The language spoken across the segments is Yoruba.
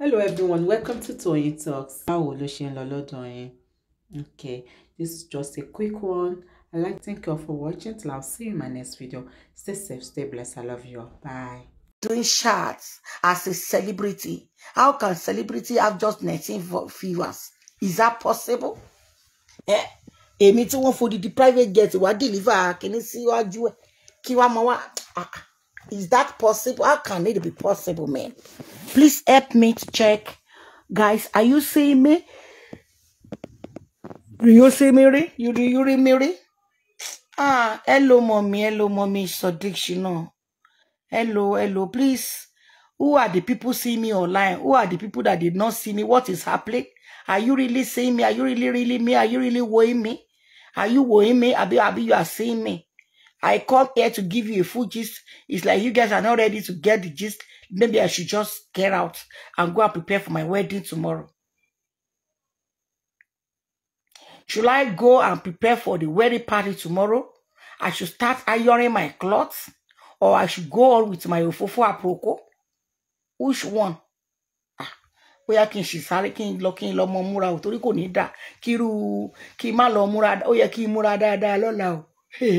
hello everyone welcome to Toyeen Talks How ló you ń Lolo lọ́dọ̀ okay this is just a quick one i like thank you all for watching till i'll see you in my next video stay safe stay blessed i love you all bye. doing shots as a celebrity how can celebrity have just nineteen viewers is that possible. Yeah èmi one wọ́n the private jet wá deliver Can you see what you? mọ wá ah, is that possible how can it be possible man. Please help me to check. Guys, are you seeing me? Do you see me? You do you read me? Ah, hello, mommy. Hello, mommy. Sadiq, you know. Hello, hello. Please, who are the people seeing me online? Who are the people that did not see me? What is happening? Are you really seeing me? Are you really, really me? Are you really weighing me? Are you weighing me? Abi, Abi, you are seeing me. I come here to give you a full gist. It's like you guys are not ready to get the gist maybe I should just get out and go and prepare for my wedding tomorrow. Should I go and prepare for the wedding party tomorrow? I should start ironing my clothes or I should go on with my ofofo aproko? Which one? Oya ah, kí n sì sáré kí n lọ kí n lọ mọ múra o torí kò ní dà kírú lo n má lọ múra ó yẹ kí n múra dáadáa lọ́la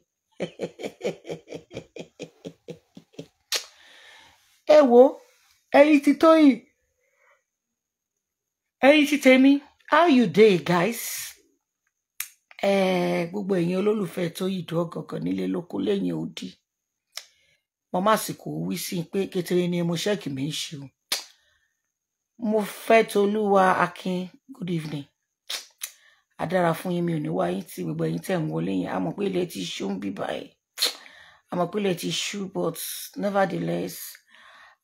ẹ wo ẹyin ti Tóyìn ẹyin ti tèmi how you dey guys gbogbo ẹ̀yin olólùfẹ́ Tóyìn dúró kankan nílé lóko lẹ́yìn odi mo má sì kò wí sí i pé kékeré ni mo ṣẹ́ẹ̀kì mi ń ṣe o mo fẹ́ Tolúwa Akin good evening á dára fún yín mi ò ní wá yín tí gbogbo ẹ̀yin tẹ̀ ń wọlé yẹn a mọ̀ pé ilẹ̀ ti ṣú ń bì báyìí a mọ̀ pé ilẹ̀ ti ṣú but nevertheless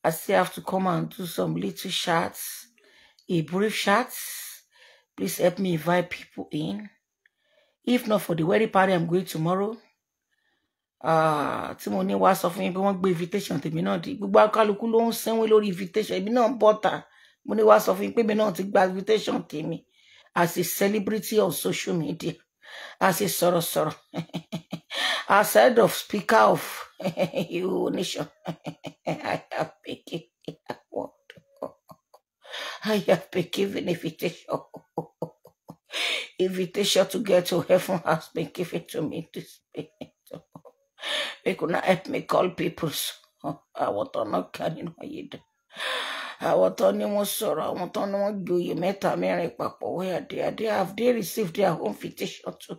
I still have to come and do some little chats a brief chat please help me invite people in if not for the wedding party I'm going tomorrow ah, tí mo ní wá sọ fún yín pé wọ́n gbé invitation tèmi náà di gbogbo akálukú ló ń sẹ́wọ́n lórí invitation èmi náà ń mo ní wá sọ fún yín pé èmi náà ti gba invitation tèmi as a celebrity on social media, as a sorosoro, as head of speaker of EU nation. I have been given a word. I have been given invitation. invitation to get to heaven has been given to me to speak. They could not help me call people. I want to know, can you know, àwọn tán ni wọ́n sọ̀rọ̀ àwọn tán ni wọ́n gboyè mẹ́ta mẹ́rin papọ̀ where they are they have they received their home visitation too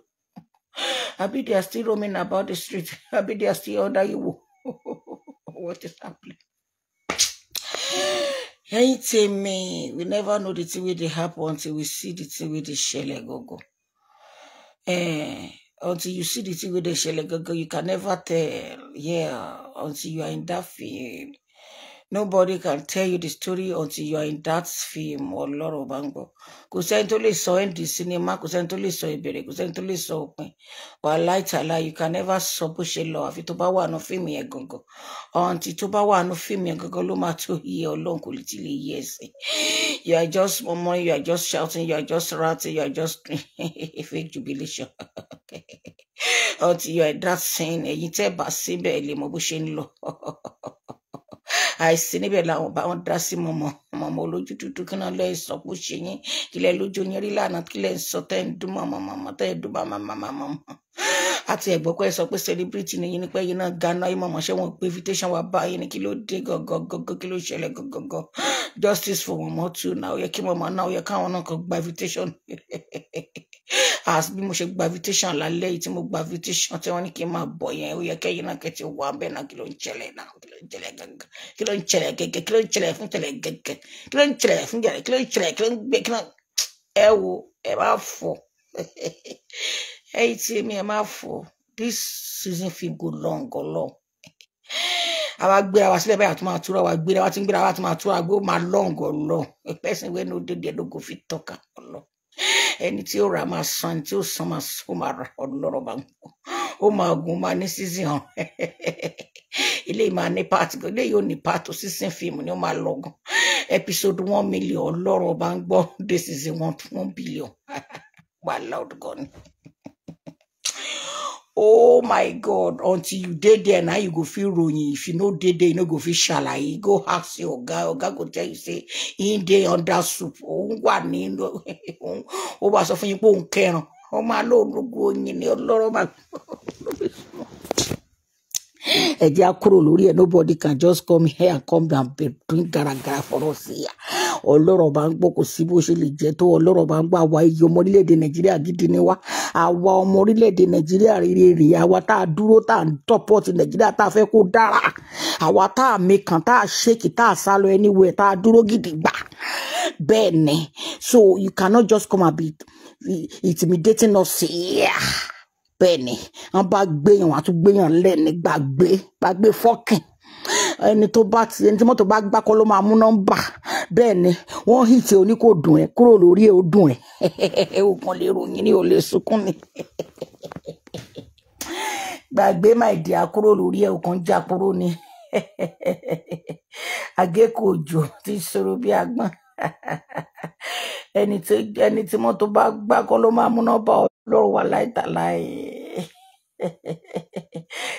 abi they are still roaming about the street abi they are still under Igbo what is happening. ẹ̀yin tèmi we never know the thing wey dey happen until we see the thing wey dey ṣẹlẹ̀ gogo. Uh, eh, until you see the thing wey dey ṣẹlẹ̀ gogo you can never tell yeah until you are in that field nobody can tell you the story until you are in that film or bá ń gbọ́ kò sẹ́ni tó lè sọ cinema kò sẹ́ni tó lè sọ ìbẹ̀rẹ̀ kò sẹ́ni tó lè sọ òpin wàhálà ìtàlá you can never sọ bó ṣe lọ àfi tó bá wà nù fíìmù yẹn gangan ọ̀ǹtì tó bá wà nù fíìmù yẹn gangan ló máa tó yẹ you are just murmuring you are just shouting you are just ranting you are just fake jubilation until you are that scene ẹ̀yin tẹ́ bá síbẹ̀ lè mọ bó ṣe àìsí níbẹ̀ làwọn bá wọn dá sí mọ̀mọ́ mọ̀mọ́ olójú dúdú kí náà lẹ́ sọ bó ṣe yín kílẹ̀ lójú yín rí lánàá kílẹ̀ ń sọ tẹ́ ń dún mọ̀mọ́ mọ̀mọ́ tẹ́ ń dún mọ̀mọ́ mọ̀mọ́ mọ̀mọ́ àti ẹ̀gbọ́n pé ẹ sọ pé celebrity ni yín ni pé yín náà gana yín mọ̀mọ́ ṣé wọn pé invitation wa bá yín ni kí ló dé gọ́gọ́gọ́ kí ló ṣẹlẹ̀ gọ́gọ́gọ́ justice for mọ̀mọ́ too náà ó yẹ kí mọ̀mọ́ náà ó yẹ káwọn náà kan gba invitation as bí mo ṣe gba invitation lálẹ́ yìí tí mo gba invitation tí wọ́n ní kí n máa bọ̀ yẹn ó yẹ kẹ́yìn náà kẹ́ ti wà bẹ́ẹ̀ náà kí ló ń ṣẹlẹ̀ náà kí ló ń ṣẹlẹ̀ gẹ́gẹ́ kí ló ń ṣẹlẹ̀ gẹ́gẹ́ kí ló ń ṣẹlẹ̀ fún tẹ̀lẹ̀ gẹ́gẹ́ kí ló ń ṣẹlẹ̀ fún gẹ́gẹ́ kí ló ń ṣẹlẹ̀ kí ló ń gbé kí ló ń ẹ wo ẹ bá fọ Hey, tí èmi ẹ máa this season feel good long go long I àwa gbéra wa sílẹ̀ báyìí àti máa túra wa gbéra wa ti ń gbéra wa my máa I go my long go long a person wey no dey there no go fit talk am ọlọ And it's your rà máa san summer summer. ó san máa sọ máa ra ọlọ́rọ̀ bá ń bọ̀ ó máa gun máa ní season hàn ilé yìí máa ní part gan ilé yìí part ó season film ni ó máa episode one million ọlọ́rọ̀ bá ń this is one one billion wà loud gun oh my god until you dey there na you go feel royin if you no dey there you no go fit ṣàlàyé go ask your oga oga go tell you say he dey under soup òun wà ní òun ó wà sọ fún yín pé òun kẹran ọmọ alóòrùn gbòòyìn ni ọlọ́rọ̀ máa ẹ jẹ́ á lórí ẹ̀ nobody can just come here and come and be doing garagara for us here ọlọ́rọ̀ bá ń gbọ́ kò sí bó ṣe lè jẹ́ tó ọlọ́rọ̀ bá ń gbọ́ àwa iye ọmọ orílẹ̀-èdè nàìjíríà gidi ni wá àwa ọmọ orílẹ̀-èdè nàìjíríà rere rèé àwa tá a dúró tá a ń tọ́pọ̀ ti nàìjíríà tá a fẹ́ kó dára àwa tá a mekàn tá a ṣèkì tá a sálọ anywhere tá a dúró gidi gbà bẹ́ẹ̀ ni so you cannot just come and be intimidating us here. Yeah bẹ́ẹ̀ ni wọ́n bá gbéyàn wọ́n á tún gbéyàn lẹ́ni gbàgbé gbàgbé fọ́kìn ẹni tó bá ti ẹni tí mọ́tò bá gbá kọ́ ló máa mú nọ́mbà bẹ́ẹ̀ ni wọ́n hì tí oní kò dùn ẹ́ kúrò lórí ẹ̀ ó dùn ẹ́ oògùn lè ròyìn ní olè sunkún ni gbàgbé máa dì á kúrò lórí ẹ̀ òkàn já kúrò ni àgékò òjò ti ṣòro bí agbọ́n ẹni tí mọ́tò bá gbá kọ́ ló máa mú nọ́mbà lọ́rùn wa láì tà láì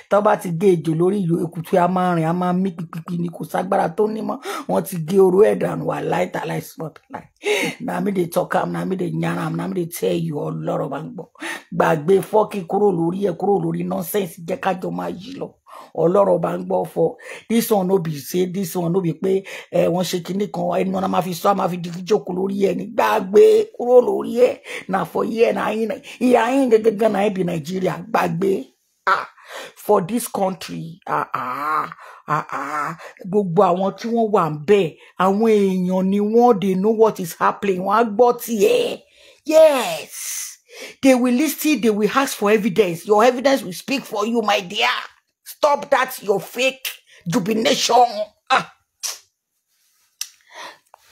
tọ́ bá ti gé ejò lórí ìyó èkúté a máa rìn a máa mí pipipi ni kò ságbára tó ní mọ́ wọ́n ti gé oró ẹ̀ dànù wà láì tà láì smart láì na mi dey talk am na mi dey yarn am na mi dey tell you ọlọ́rọ̀ máa ń gbọ́ gbàgbé fọ́ọ̀kì kúrò lórí ẹ̀ kúrò lórí nọ́sẹ̀nsì jẹ́ kájọ máa yí lọ ọlọ́rọ̀ bá ń gbọ́ fọ this one no be say this one no be pé ẹ eh, wọ́n ṣe kinní kan ẹni wọn máa fi sọ máa fi digi jókòó lórí ẹ nígbà gbé kúrò lórí ẹ náà fọ yí ẹ náà yín ìyá yín gẹ́gẹ́ náà ẹ bí nàìjíríà gbàgbé ah for this country ah ah ah ah gbogbo àwọn tí wọ́n wà ń bẹ̀ àwọn èèyàn ni wọ́n dey know what is happening wọ́n á gbọ́ tiẹ̀ yes. They will listen, they will ask for evidence. Your evidence will speak for you, my dear. Stop that, your fake jubilation. Ah.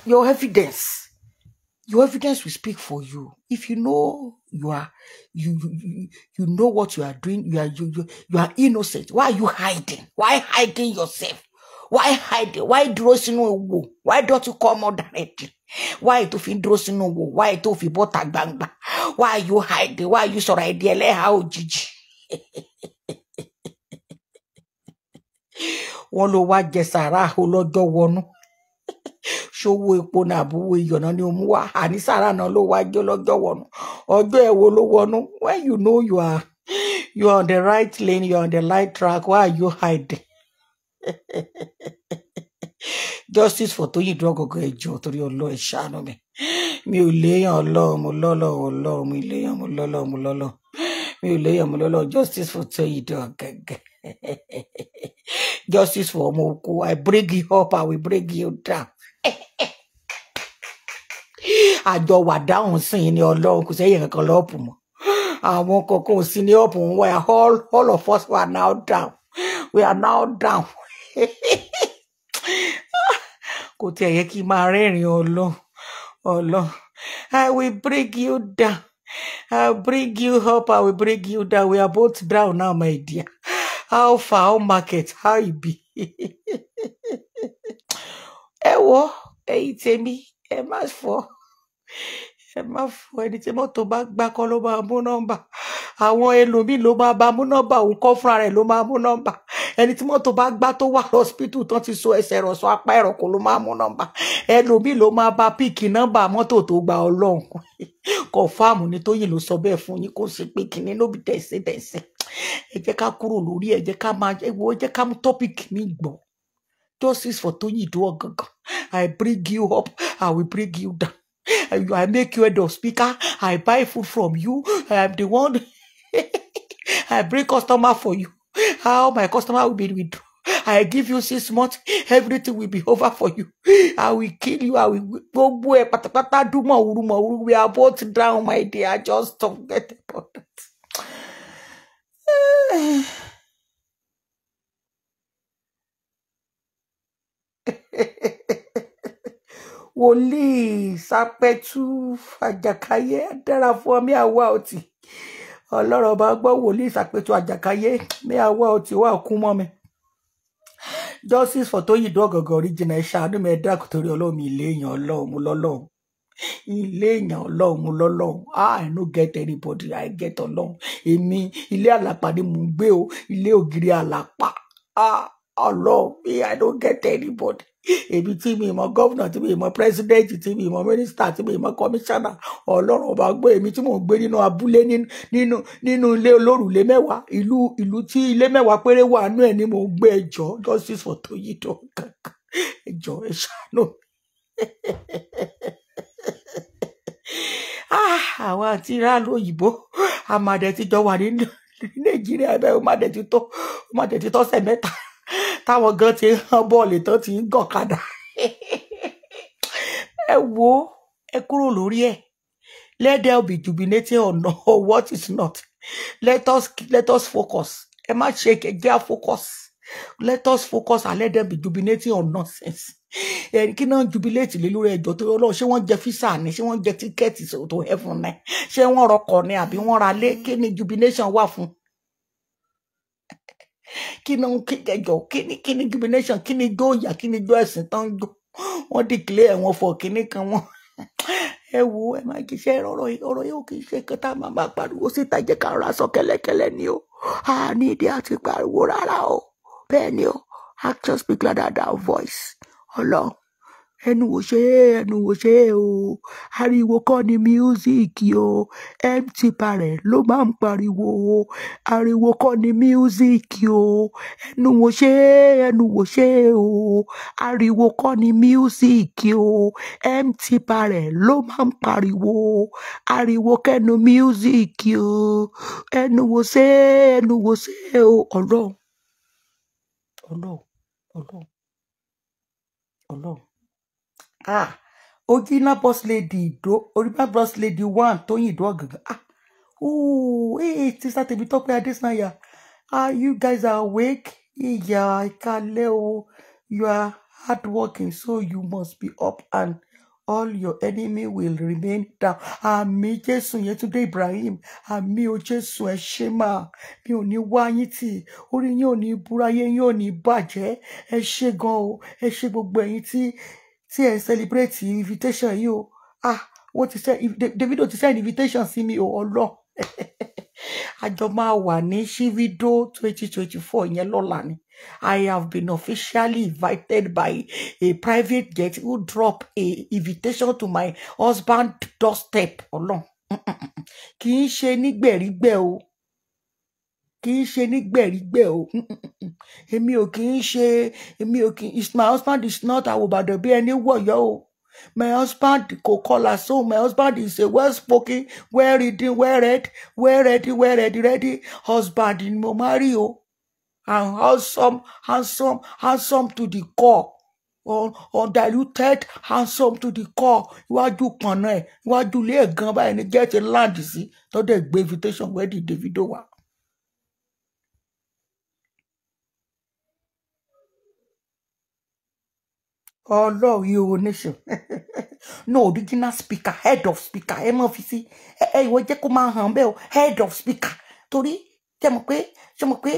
Your evidence. Your evidence will speak for you. If you know you are you you, you know what you are doing, you are you, you you are innocent. Why are you hiding? Why hiding yourself? Why hide? Why dúró sínú ewu? Why don't you come out directly? Why tó fi dúró sínú ewu? Why tó fi bọ́ta gbangba? Why you hiding? Why are you so ẹ̀dí ẹlẹ́hàá òjijì? wọ́n ló wá jẹ sàrà ọlọ́jọ́ wọnú ṣòwò epo náà àbúwò ìyọ̀nà ni òun wá àní sàrà náà ló wá jẹ ọlọ́jọ́ wọnú ọjọ́ ẹ̀ wo ló wọnú when you know you are you are on the right lane you are on the right track why are you hiding justice for Tóyìn Dúrógọgọ ẹjọ torí ọlọ ẹ ṣàánú mi mi ò léèyàn Ọlọ́run mo lọlọ Ọlọ́run mi léèyàn mo lọlọ mo lọlọ mi ò léèyàn mo lọlọ justice for Tóyìn Dúrógọgọ. justice for Omoko. I bring you up, I will bring you down. àjọ wà dáhùn sí ni ọlọ́run kò sẹ́yìn a lọ́ọ̀pù I àwọn kankan go sí ní ọ̀pù ń wẹ̀ all all of us are now down we are now down kò tiẹ̀ yẹ kí n máa rẹ́rìn ọlọ́run ọlọ́run I will bring you down I will bring you up I will bring you down we are both down now my dear how far market how e be ẹ wọ ẹ̀yin tèmi ẹ má fọ ẹ má fọ ẹni tí mọ́tò bá gbá kọ́ ló máa mú nọ́mbà àwọn ẹlòmíín ló máa bá mú nọ́mbà òun kọ́ fúnra rẹ̀ ló máa mú nọ́mbà ẹni tí mọ́tò bá gbá tó wà lọ́sípítù tán ti so ẹsẹ̀ rọ̀ sọ apá ẹ̀rọ kò ló máa mú nọ́mbà ẹlòmíín ló máa bá píìkì nọ́mbà mọ́tò tó gba ọlọ́run kọ̀fáàmù ni Tóyìn ló sọ bẹ́ẹ̀ fún yín kó sì pé kínní ló bí ẹ jẹ́ ká kúrò lórí ẹ jẹ́ ká máa ẹ wo ẹ jẹ́ ká mú tọ́pìkì mi gbọ́ justice for Tóyìn Ìdúró gangan I bring you up I will bring you down I, I make you head of speaker I buy food from you I am the one I bring customer for you how my customer will be withdraw I give you six months, everything will be over for you. I will kill you. I will gbogbo ẹ pátápátá dúmọ̀ òru mọ̀ òru we are both drown my dear. Just forget about that. wòlíì sápẹ́tú àjàkáyé dára fún ọ mi àwa ọtí ọlọ́rọ̀ bá gbọ́ wòlíì sápẹ́tú àjàkáyé mi àwa ọtí wà kú mọ́ mi justice for Tóyìn Ido Ogangan original ẹ ṣàánú mi ẹ dákun torí ọlọ́run mi ìléèyàn ọlọ́run lọ́lọ́run ilé èèyàn ọlọ́run lọ́lọ́run ah i no get anybody i get ọlọ́run èmi ilé àlàpà ni mò ń gbé o ilé ògiri àlàpà ah ọlọ́run mi i no get anybody èmi tí mi mọ gọ́vnà tí mi mọ pírẹsidẹ́ǹtì tí mi mọ mínísítà tí mi mọ kọmíṣánná ọlọ́run ọba gbọ́ èmi tí mò ń gbé nínú abúlé nínú nínú ilé olórùlé mẹ́wàá ìlú ìlú tí ilé mẹ́wàá péré wà nú ẹ̀ ni mò ń gbé ẹjọ́ justice for Toyin Kankan ẹjọ́ ẹ ṣàánú mi. àwa àti ìráàlú òyìnbó a máa dẹ̀ ti jọ wà ní nàìjíríà bẹ́ẹ̀ ó máa dẹ̀ ti tó ó máa dẹ̀ ti tọ́sẹ̀ mẹ́ta táwọn gan ti ń hàn bọ́ọ̀lì tán ti ń gàn kadà ẹ wo ẹ kúrò lórí ẹ let there be jubilation or no or what is not let us let us focus ẹ má ṣe kẹjẹ focus let us focus and let there be jubilation or nonsense ẹni kí náà jubilate lé lórí ẹjọ́ tó lọ ṣé wọ́n jẹ físà ni ṣé wọ́n jẹ tíkẹ́ẹ̀tì tó ẹ fún ni ṣé wọ́n rọkọ̀ ni àbí wọ́n ra lé kí ni jubilation wà fún kí ni kí ẹjọ́ kí ni kí ni jubilation kí ni jó ìyà kí ni jó ẹ̀sìn tán jó wọ́n declare wọn fọ kíní kan wọn ẹ wo ẹ máa kì í ṣe ọ̀rọ̀ ọ̀rọ̀ yóò kì í ṣe kẹta máa máa pariwo síta jẹ ká ra sọ kẹ́lẹ́kẹ́lẹ́ ni o a ní ìdí àti pariwo rárá o bẹ́ẹ̀ ni o actors speak louder than voice. Ọlọ́run ẹnu wò ṣe é ẹnu wò ṣe é o ariwo kọ́ ni míúsíìkì o mt parẹ̀ ló máa ń pariwo o ariwo kọ́ ni míúsíìkì o ẹnu wò ṣe é ẹnu wò ṣe é o ariwo kọ́ ni míúsíìkì o mt parẹ̀ ló máa ń pariwo o ariwo kẹ́nu míúsíìkì o ẹnu wò ṣe é ẹnu wò ṣe é o ọlọ́run ọlọ́run ọlọ́run ọlọ́run ah ojina boss lady ìdó orípa boss lady one tóyìn ìdó ọ̀gàngàn ah ooo ee sista tèmi tọ́pẹ́ adésanya ah you guys are awake ìyá ìkàlẹ̀ o you are hardworking so you must be up and all your enemy will remain down àmì jésù yẹtúndé ibrahim àmì o jésù ẹ ṣe máa mi ò ní wá yín tì orí yín ò ní buráyé yín ò ní bàjẹ́ ẹ ṣe gan o ẹ ṣe gbogbo ẹ̀yin tí tí ẹ celebrate invitation yìí o ah wọ́n ti send Davido ti send invitation sí mi o ọlọ́ àjọ máa wà ní ṣírídó twenty twenty four yẹn lọ́la ni I have been officially invited by a private jet who drop a invitation to my husband doorstep ọlọ́run kì í ṣe nígbẹ̀rígbẹ̀ o kì í ṣe nígbẹ̀rígbẹ̀ o èmi ò kì í ṣe èmi ò kì í my husband is not àwòbàdàn bí ẹni wọ̀yọ́ o My husband could call us so. My husband is a well spoken, well reading, well read, well ready, well ready, ready husband in Momario. And handsome, handsome, handsome to the core. Undiluted, handsome to the core. Iwájú kan náà ẹ̀, iwájú ilé ẹ̀ gan báyìí ní get a land sí. Tọ́dẹ̀ gbé invitation wedding Davido wá. Oh Lord, you nation. no original speaker, head of speaker, ẹ mọ̀ fi sí. Ẹ ìwọ jẹ́ kó máa hàn bẹ́ẹ̀ o, head of speaker. Torí ṣe mọ̀ pé ṣe mọ̀ pé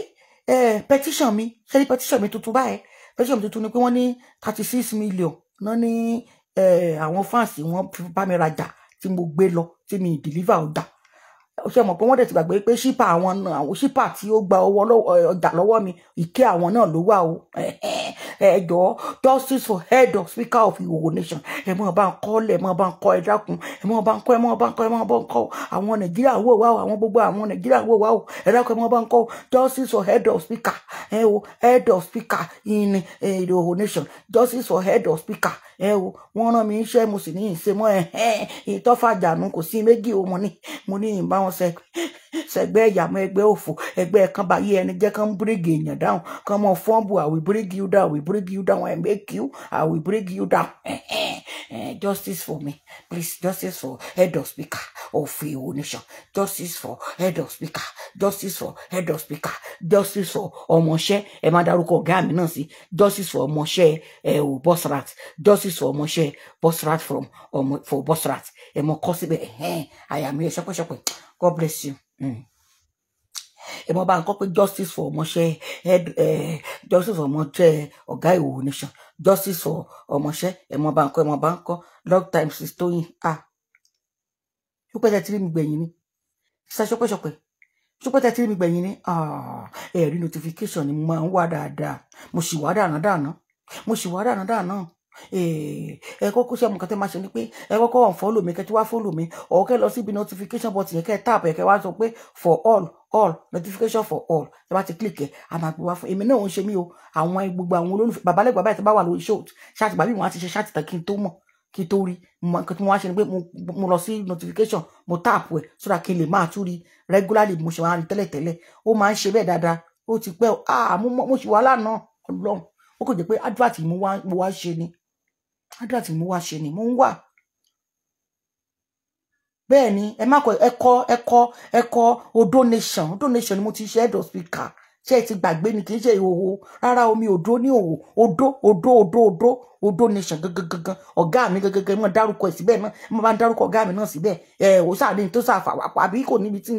petition mi ṣe ní petition mi tuntun báyìí. Petition mi tuntun ni pé wọ́n ní thirty six million náà ní àwọn fans wọn bá mi rajà tí mo gbé lọ tí mi deliver ọjà ṣe mọ̀ pé wọ́n dẹ̀ ti gbàgbé pé ṣípà àwọn náà àwọn ṣípà tí ó gba owó ọjà lọ́wọ́ mi ìké àwọn náà ló wà o ẹjọ́ justice for head of speaker of Iwo nation ẹ mọ̀ bá ń kọ́ lẹ̀ mọ̀ bá ń kọ́ ẹ dákun ẹ mọ̀ bá ń kọ́ ẹ mọ̀ bá ń kọ́ ẹ mọ̀ bá ń kọ́ àwọn nàìjíríà wò wá o àwọn gbogbo àwọn nàìjíríà wò wá o ẹ dákun ẹ mọ̀ bá ń kọ́ justice for head of speaker ẹ o head of speaker in Iwo eh, nation justice for head of speaker ẹ o wọ́n rán mi iṣẹ́ mo sì ní ìsemọ́ ẹ̀ ẹ̀ ìtọ́fàjànú kò sí méjì o mo ní mo ní ìbá sẹ sẹgbẹ́ ìyàmọ́ ẹgbẹ́ òfò ẹgbẹ́ kan bá yé ẹni jẹ́ kan bírígì èèyàn dáhùn kan mọ fọ́ọ̀bù I will bring you down I will bring you down I make you I will bring you down justice for me please justice for head of speaker of Iwo nation justice for head of speaker justice for head of speaker justice for ọmọọṣẹ́ ẹ máa darúkọ ọ̀gá mi náà sí justice for ọmọọṣẹ́ ẹ ò Bosrat justice for ọmọọṣẹ́ Bosrat from ọmọ for Bosrat ẹ mọ kọ síbẹ̀ ẹhẹn àyàmì ẹ ṣọpẹ́ṣọpẹ́ God bless you. Mm. ẹ mọ bá ń kọ pé justice for ọmọọṣẹ head justice for ọmọọṣẹ ọgá ìwò nation justice for ọmọọṣẹ ẹ mọ bá ń kọ ẹ mọ bá ń kọ long time since tóyìn a ah, ṣùpẹ́ tẹ́ tí rí mi gbẹ̀yìn ni ṣe ṣọpẹ́ṣọpẹ́ ṣùpẹ́ tẹ́ tí rí mi gbẹ̀yìn ni ah, ẹ̀rí notification ni mo máa ń wá dáadáa mo sì wá dáná dáná mo sì wá dáná dáná Eh, ẹ kókó ṣe àmọ̀kàn tẹ́ máa ṣe ni pé ẹ kọ́kọ́ unfollow mi kẹ́ tí wá follow mi ọ̀ kẹ́ lọ síbi notification button yẹn kẹ́ tap yẹn kẹ́ wá sọ pé for all all notification for all tẹ́ bá ti click ẹ àmàgbé wá fún èmi náà ń ṣe mí o àwọn gbogbo àwọn olólùfẹ́ babalẹ́gbà báyìí tẹ́ bá wà lórí show ṣáàtì bàbí wọn á ti ṣe ṣáàtì tán kí n tó mọ̀ kí tó rí nǹkan tí mo wá ṣe ni pé mo lọ sí notification mo tap ẹ so that kí n lè máa tún rí regularly mo ṣe wá rí tẹ́lẹ̀tẹ́lẹ̀ ó máa ń ṣe bẹ́ẹ̀ dáadáa ó ti pẹ́ ah mo ṣì wá lánàá ọlọ́run ó kò jẹ́ pé advert mo wá ṣe ni àdúrà tí mo wá ṣe ni mo ń wà bẹ́ẹ̀ ni ẹ má kọ ẹkọ ẹkọ ẹkọ o donation donation ni mo ti ṣe head of speaker ṣé ẹ ti gbàgbé ni kì í ṣe ìhòòhò rárá omi òdó ní òwò òdó òdó òdó òdó òdó nation gangan ọ̀gá mi gangan mo dárúkọ ẹ̀ síbẹ̀ náà mo bá ń dárúkọ ọ̀gá mi náà síbẹ̀ ẹ̀ ò sáàdé tó sàfà wà pa àbí kò níbi tí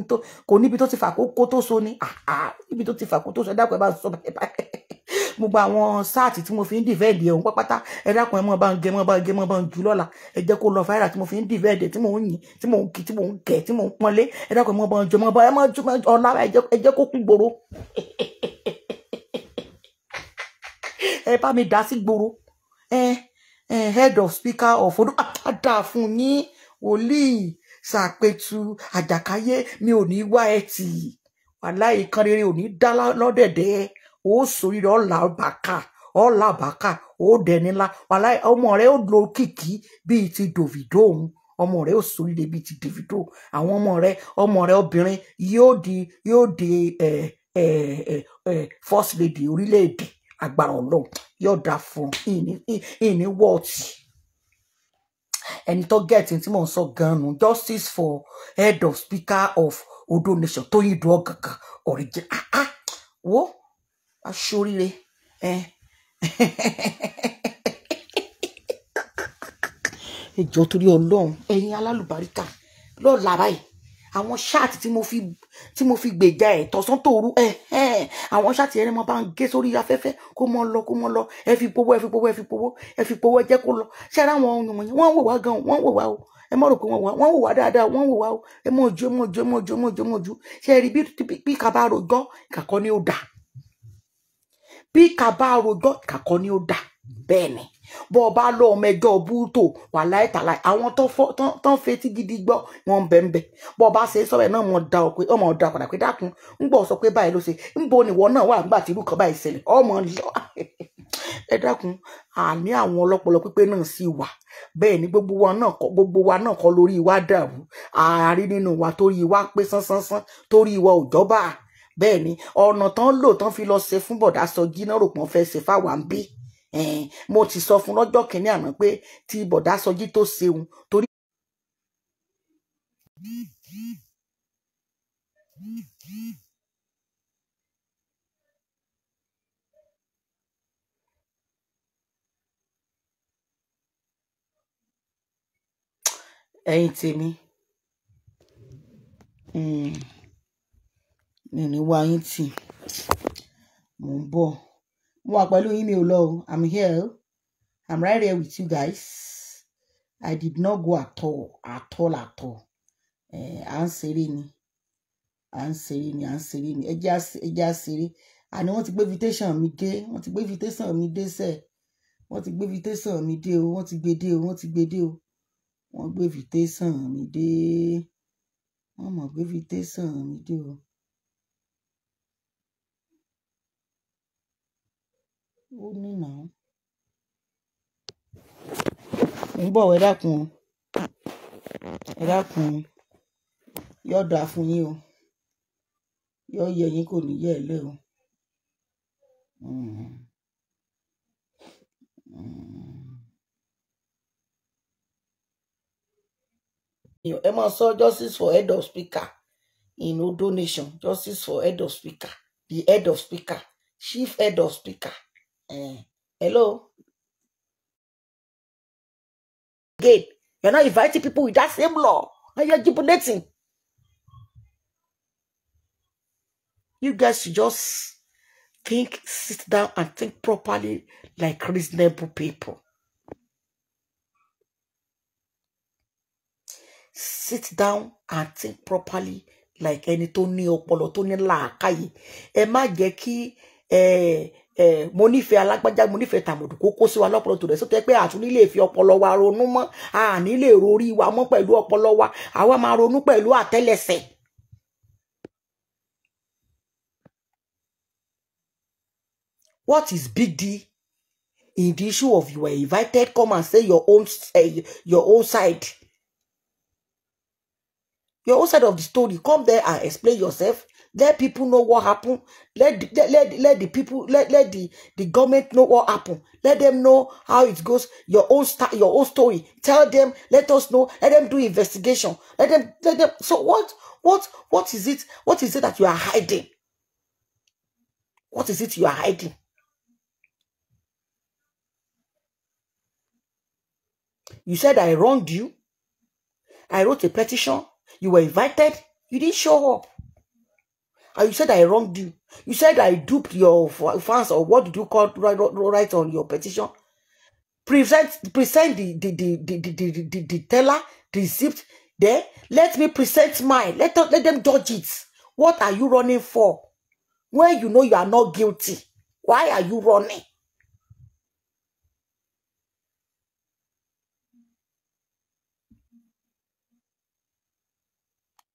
kò níbi tó ti fà kó tó so ni àà níbi tó ti fà kó tó so ẹ dákun ẹ bá sọ ẹ bá ẹ gbogbo àwọn sáàtì tí mo fi ń dìvẹ́ẹ̀dì ẹ̀hún pápátá ẹ dákun ẹ mọ́ bá ń gẹ mọ́ bá ń gẹ mọ́ bá ń jù lọ́la ẹ kó lọ fáyà tí mo fi ń dìvẹ́ẹ̀dì tí mò ń yìn tí mò ń kí tí mò ń kẹ̀ tí mò ń pọ́nlé ẹ dákun ẹ mọ́ bá ń jọ mọ́ bá ẹ mọ́ ọ̀la ẹ kó kún gbòòrò ẹ bá mi dá sí gbòòrò head of speaker of odò àdá fún yín wòlíì ṣàpẹtù àjàkáyé mi ò ní wá ẹ tì wàláì kan rere ò ní dá lọ́dẹ̀dẹ̀ ó sòrí rẹ̀ ọ̀là baka, ọ̀là bàkà ó dẹni ńlá wàláì ọmọ rẹ̀ ó lo kìkì bíi ti Davido òun ọmọ rẹ̀ ó sòrí rẹ̀ bíi ti Davido àwọn ọmọ rẹ̀ ọmọ rẹ̀ obìnrin yóò di yóò di ẹ ẹ ẹ first lady orílẹ̀-èdè agbára ọlọ́run yóò dá fún ìní wọ́ọ̀tì ẹni tó gẹ̀ẹ́tì tí mò ń sọ gan-an justice for head of speaker of Ondo nation Tóyìn Ido Ogangan ọ̀rẹ́jẹ̀ ah ah wo aṣoríire ẹ ìjọ torí Ọlọ́run ẹ̀yin alálùbáríkà lọ́la báyìí àwọn ṣáàtì tí mo fi tí mo fi gbèjà ẹ tọ̀sán tòru ẹ ẹ àwọn ṣáàtì ẹni mo bá ń gé sórí afẹ́fẹ́ kó mọ lọ kó mọ lọ ẹ fi powó ẹ fi powó ẹ fi powó ẹ fi powó ẹ jẹ́ kó lọ ṣé ara àwọn ọyàn wọ̀nyí wọ́n ń wò wá gan wọ́n ń wò wá o ẹ mọ̀ rò pé wọ́n wà wọ́n wò wá dáadáa wọ́n wò wá o ẹ mọ̀ ojú ẹ mọ̀ ojú ẹ mọ̀ ojú ẹ mọ̀ ojú ẹ bí bí rò gọ́ ìkàkọ́ ni ó dáa bí ìkà bá rojọ́ ìkà kọ́ ni ó dà bẹ́ẹ̀ ni bọ́ ọba lọ ọmọ ẹjọ́ búrútó wà láìtàláì àwọn tó ń fetí gidi gbọ́ wọn ń bẹ́ńbẹ́ bọ́ ọba ṣe é sọ̀rọ̀ ẹ̀ náà mọ̀ da ọ̀pẹ ọmọ ọ̀dà padà pé dákun ń gbọ́ sọ pé báyìí ló ṣe ń bo nìwọ náà wà nígbà tí irú kan báyìí ṣẹlẹ̀ ọmọ lọ ẹ dákun àní àwọn ọlọ́pọlọ pípé náà sì wà bẹ́ẹ̀ ni gbogbo wa náà kọ́ gbogbo wa náà kọ́ lórí wa dàrú àárín nínú wa torí wa pé sánsánsán torí wa òjọ́bà bẹ́ẹ̀ ni ọ̀nà tán lò tán fi lọ ṣe fún bọ̀dá sọ jiná rò pọ́n fẹ́ ṣe fáwa ń bí mo ti sọ fún lọ́jọ́ kìíní àná pé ti bọ̀dá sọjí tó ṣeun torí. ẹ̀yin tèmi. Mm mi ò ní wá yín tì mò ń bọ̀ mo wà pẹ̀lú yín mi ò lọ o i'm here i'm right here with you guys i did not go at all at all at all eh, à ń ṣeré ni à ń ṣeré ni à ń ṣeré ni ẹjẹ́ à ṣeré àní wọ́n ti gbé invitation mi dé wọ́n ti gbé invitation mi dé sẹ́ẹ̀ wọ́n ti gbé invitation mi dé o wọ́n ti gbé dé o wọ́n ti gbé dé o wọ́n gbé invitation mi dé wọ́n mọ̀ gbé invitation mi dé o. Ó ní now. Mo ń bọ̀ wọ, ẹ dákun o. Ẹ dákun o. Yóò dáa fún yín o. Yóò yẹ yín kò ní yẹ̀ ẹ́ lẹ́ o. Ẹ máa sọ justice for head of speaker in Odo Nation. Justice for head of speaker. The head of speaker. Chief head of speaker. Eh, hello. Again, you're not inviting people with that same law, and you're jubilating. You guys should just think, sit down, and think properly, like reasonable people. sit down and think properly like any Tony ní ọpọlọ tó ní làákàyè ẹ má jẹ́ Eh, eh, mo nífẹ̀ẹ́ alágbájá mo nífẹ̀ẹ́ tàmọ̀dù kó sí wa lọ́pọ̀lọ́ tó rẹ̀ pé àtúní lè fi ọpọlọ wa ronú mọ́ àní lè rorí wa mọ́ pẹ̀lú ọpọlọ wa àwa máa ronú pẹ̀lú àtẹ́lẹsẹ̀. What is big deal in the issue of you were invited come and say your own uh, your own side your own side of the story come there and explain yourself Let people know what happened. Let let let, let the people let let the the government know what happened. Let them know how it goes. Your own start your own story. Tell them. Let us know. Let them do investigation. Let them let them. So what what what is it? What is it that you are hiding? What is it you are hiding? You said I wronged you. I wrote a petition. You were invited. You didn't show up. And you said I wronged you. You said I duped your fans or what did you call write on your petition? Present present the the the the the, the, the, teller, the receipt there. Let me present mine. Let, let them judge it. What are you running for? When you know you are not guilty, why are you running?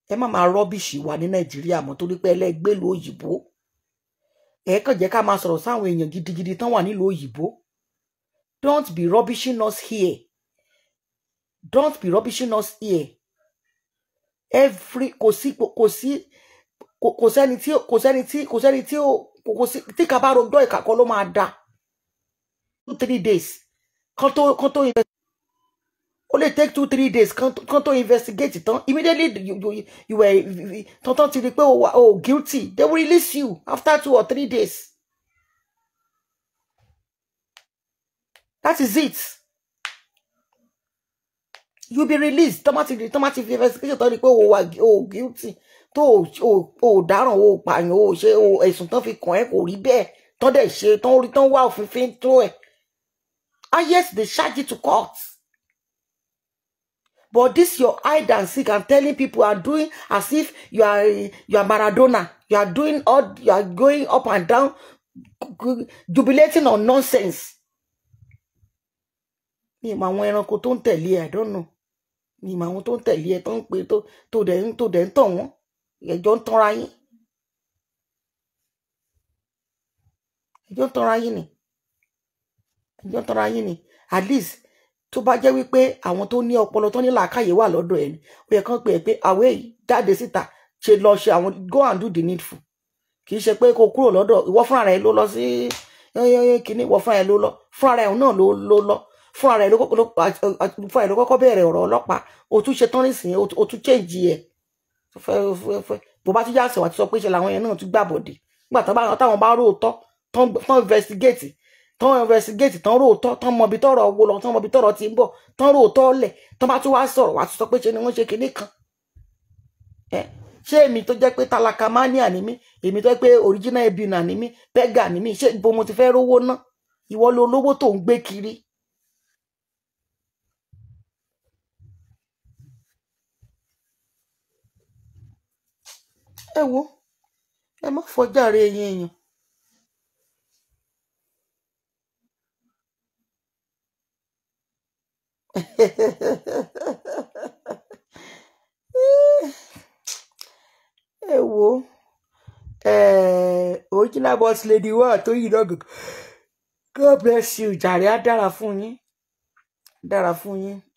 ẹ má máa rọ́bìṣì wà ní nàìjíríà mọ́ torí pé ẹlẹ́gbẹ́lú òyìnbó ẹ kàn jẹ́ ká máa sọ̀rọ̀ sáwọn èèyàn gidigidi tán wà nílùú òyìnbó don't be rubbishing us here don't be rubbishing us here every kò sí kò sí kò sẹ́ni tí kò sẹ́ni tí kò sẹ́ni tí kò sí tí kaba rojọ́ ìkàkọ́ ló máa dà two three days kan tó kan tó yẹ. Only take two three days kan tó investigate it immediately you, you, you were tọ́tán ti rí oh o guilty they will release you after two or three days that is it you be released tọ́mọ́ ti rí tọ́mọ́ ti fi investigation tán rí pé o guilty tó oh oh dáràn oh pan oh ṣe oh. ẹ̀sùn tán fi kàn ẹ́ kò rí bẹ́ẹ̀ tán dẹ̀ ṣe tán orí tán wá òfin fi ń tó ah yes they charge you to court. But this your hide and seek and telling people are doing as if you are you are Maradona. You are doing all you are going up and down, jubilating on nonsense. Mi ìmọ̀ àwọn ẹranko tó ń tẹ̀lé I don't know. Mi ìmọ̀ àwọn tó ń tẹ̀lé ẹ̀ tó ń pe tó tó dẹ̀ ń tó dẹ̀ ń tàn wọ́n. Ẹ̀jọ̀ ń tanra yín. Ẹ̀jọ̀ ń tanra yín ni. Ẹ̀jọ̀ ń tanra yín ni. At least tó bá jẹ́ wípé àwọn tó ní ọpọlọ tó ní làákàyè wà lọ́dọ̀ ẹni ó yẹ kán pè é pé àwẹ̀ yìí jáde síta ṣe lọ ṣe àwọn go and do the needful kì í ṣe pé kó kúrò lọ́dọ̀ ìwọ fúnra rẹ ló lọ sí kíní ìwọ fúnra rẹ ló lọ fúnra rẹ náà ló lọ fúnra rẹ ló kọ́kọ́ bẹ̀rẹ̀ ọ̀rọ̀ ọlọ́pàá o tún ṣe tán nísìnyí o tún change ẹ̀ bó bá tún yá àṣẹwà tó sọ pé ṣe làwọn yẹn náà tún gbàbọ̀dé nígbà táwọn bá róòótọ́ tán investigate tán investigate tán róòtọ́ tán mọbi tọ́rọ̀ wo lọ tán mọbi tọ́rọ̀ ti ń bọ̀ tán róòtọ́ lẹ̀ tán bá tún wá sọ̀rọ̀ wá tún sọ pé ṣe ni wọ́n ṣe kinní kan ṣé èmi tó jẹ́ pé tálákà mania ni mí èmi tó jẹ́ pé original ebina ni mí bẹ́gà ni mí ṣé ibo mo ti fẹ́ rówó ná ìwọ ló lówó tó ń gbé kiri. ẹ wo ẹ má fọjá re eyín èèyàn ẹ wo eh, original boss lady wa tó yìí náà god bless you jàre á dára fún yín dára fún yín